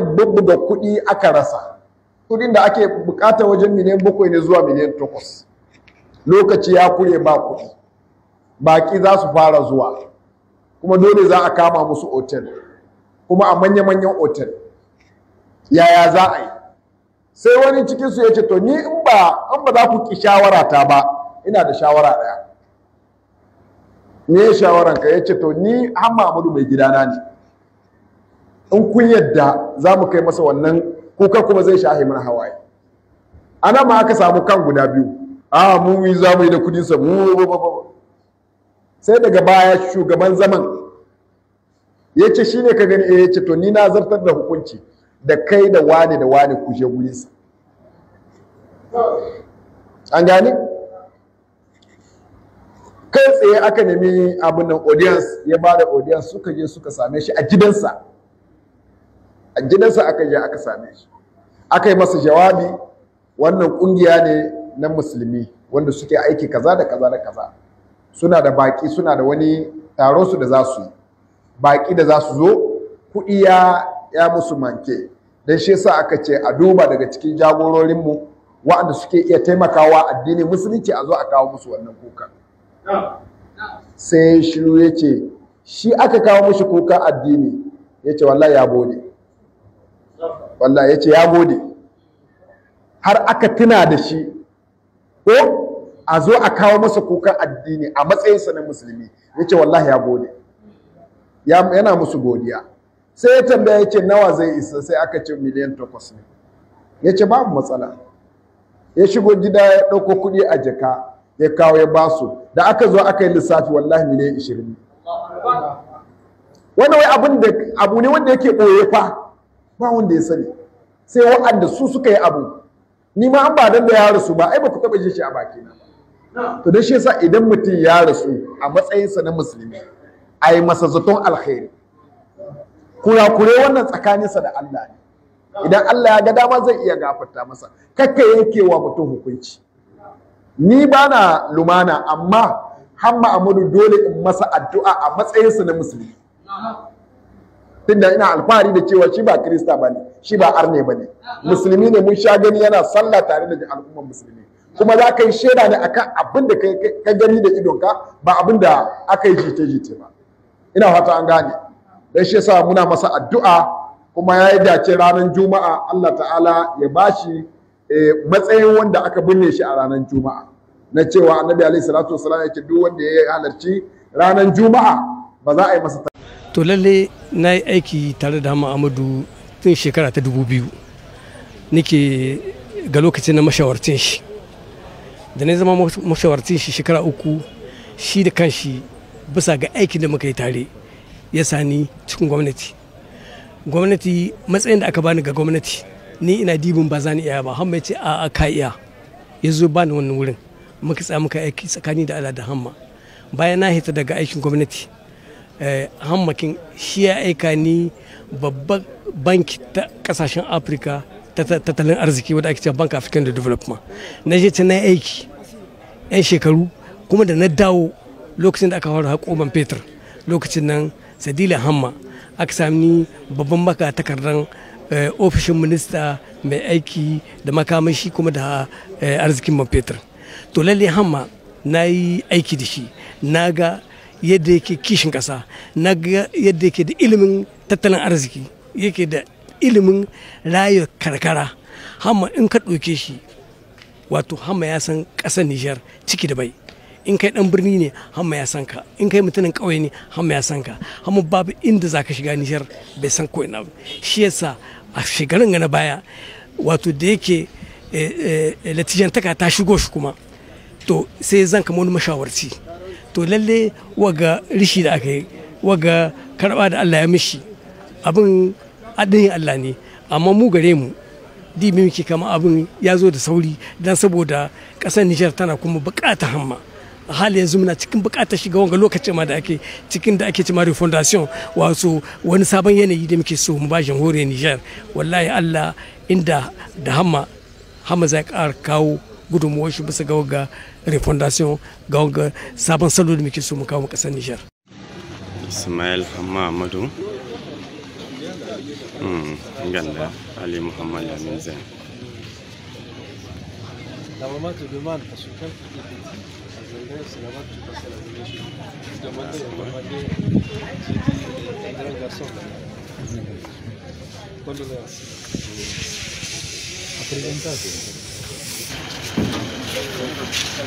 aka da kuɗi aka rasa kuɗin da ake bukata wajen miliyan bakwai ne zuwa miliyan takwas lokaci ya kure ba kuɗi baƙi za su fara zuwa kuma dole za a kama musu otel kuma a manya-manyan otel yaya za a yi sai wani cikinsu ya ce to ni in ba in ba za ku ki shawara ta ba ina da shawara ɗaya me shawaran ka ya ce to ni hamma amadu mai gidana ne in kun yadda za mu kai masa wannan kuka kuma zai shahi mana hawaye ana ma aka samu kan guda biyu a mu yi za mu yi da kudin sa mu sai daga baya shugaban zaman ya ce shi ne ka gani eh, ya ce to ni na zartar da hukunci da kai da wane da wane ku je sa an gane kai tsaye aka nemi abin nan audience ya bada da audience suka je suka same shi a gidansa a gidansa aka je aka same shi aka yi masa jawabi wannan kungiya ne na musulmi wanda suke aiki kaza da kaza da kaza suna da baki suna da wani taron su da za su yi baki da za su zo kuɗi ya ya musu manke dan shi yasa aka ce a duba daga cikin jagororin mu waɗanda suke iya taimakawa addinin musulunci a zo a kawo musu wannan kuka sai shiru ya ce shi aka kawo mushi kuka addini ya ce wallahi ya bode ya ce ya gode har aka tuna da shi ko a zo a kawo masa kukan addini a matsayinsa na musulmi ya ce wallahi ya gode yana musu godiya sai ya tambaya ya ce nawa zai isa sai aka ce miliyan takwas ne ya ce babu matsala ya shigo gida ya ɗauko kuɗi a jaka ya kawo ya basu da aka zo aka yi lissafi wallahi miliyan ishirin wani wai abu ne wanda yake ɓoye fa ba wanda ya sani sai wa'anda su suka yi abu ni ma an ba dan da ya rasu ba ai ba ku taba jin shi a baki na to dan shi yasa idan mutum ya rasu a matsayinsa na musulmi ai masa zaton alkhairi kure wannan tsakaninsa da Allah ne idan Allah ya ga dama zai iya gafarta masa kakka yankewa mutum hukunci ni bana lumana amma hamma amadu dole in masa addu'a a matsayinsa na musulmi tunda ina alfahari da cewa shi ba kirista ba ne shi ba arne ba ne musulmi ne mun sha gani yana sallah tare da al'umman musulmi kuma za ka yi shaida ne akan abin da ka gani da idonka ba abin da aka yi jite-jite ba ina fata an gane dan shi yasa muna masa addu'a kuma ya yi dace ranar juma'a Allah ta'ala ya bashi eh, matsayin wanda aka binne shi a ranar juma'a na cewa annabi Alayhi salatu wasallam ya duk wanda ya halarci ranar juma'a ba za a yi masa to lalle na yi aiki tare da hama amadu tun shekara ta dubu biyu nike ga lokacin na mashawarcin shi da na zama mashawarcin shi shekara uku shi da kanshi bisa ga aikin da muka yi tare ya sani cikin gwamnati gwamnati matsayin da aka bani ga gwamnati ni ina dibin ba za ni iya ba hamma ya ce a ka iya ya zo bani wannan wurin muka tsaya muka aiki tsakani da ala da hamma bayan na hita daga aikin gwamnati Eh, hammakin shi ya aika ni babban banki ta kasashen afirka tattalin arziki wadda ake cewa bank african development na je ta na aiki yan shekaru kuma da na dawo lokacin da aka fara haƙo man fetur lokacin nan sadila hamma aka sami babban maka takardar eh, ofishin minista mai aiki da makamashi kuma da eh, arzikin man fetur to lalle hamma na yi aiki da shi na ga yadda yake kishin ƙasa na yadda yake da ilimin tattalin arziki yake da ilimin rayu karkara hamma in ka ɗauke shi wato hamma ya san ƙasar nijar ciki da bai in kai ɗan birni ne hamma ya san ka in kai mutumin ƙauye ne hamma ya san ka hamma babu inda za ka shiga nijar bai san ko ina shi yasa a shekarun na baya wato da yake eh, eh, eh, latijantaka ta shigo shi kuma to sai zan kama wani mashawarci to lalle waga rishi da aka yi waga karba da Allah ya mishi abin adin Allah ne amma mu gare mu dibi muke kama abin ya zo da sauri dan saboda kasar Nijar tana kuma bukata hamma a hali yanzu muna cikin bukata shiga wanga lokacin ma da ake cikin da ake cima refondation wato wani sabon yanayi da muke so mu ba jamhuriyar Nijar wallahi Allah inda da hamma hamma zai ƙara kawo gudunmuwar shi bisa ga refondation ga wanga sabon salo da muke so mu kawo kasar Nijar. Ismail Hamamadu hmm, Ganda Ali Muhammad Lamin Zain. Condoléances. Apresentado.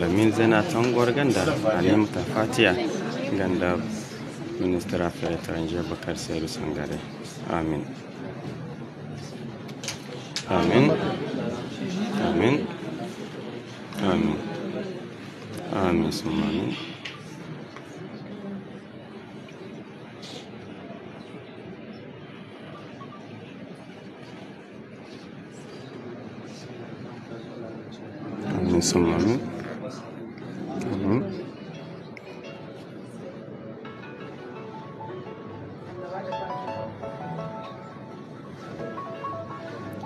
lamin zena tangwar ganda halimta fatiya ganda ministra fere bakar sairu sangare amin amin amin amin amin sun amin amin sun amin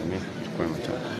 también. Bueno, chao.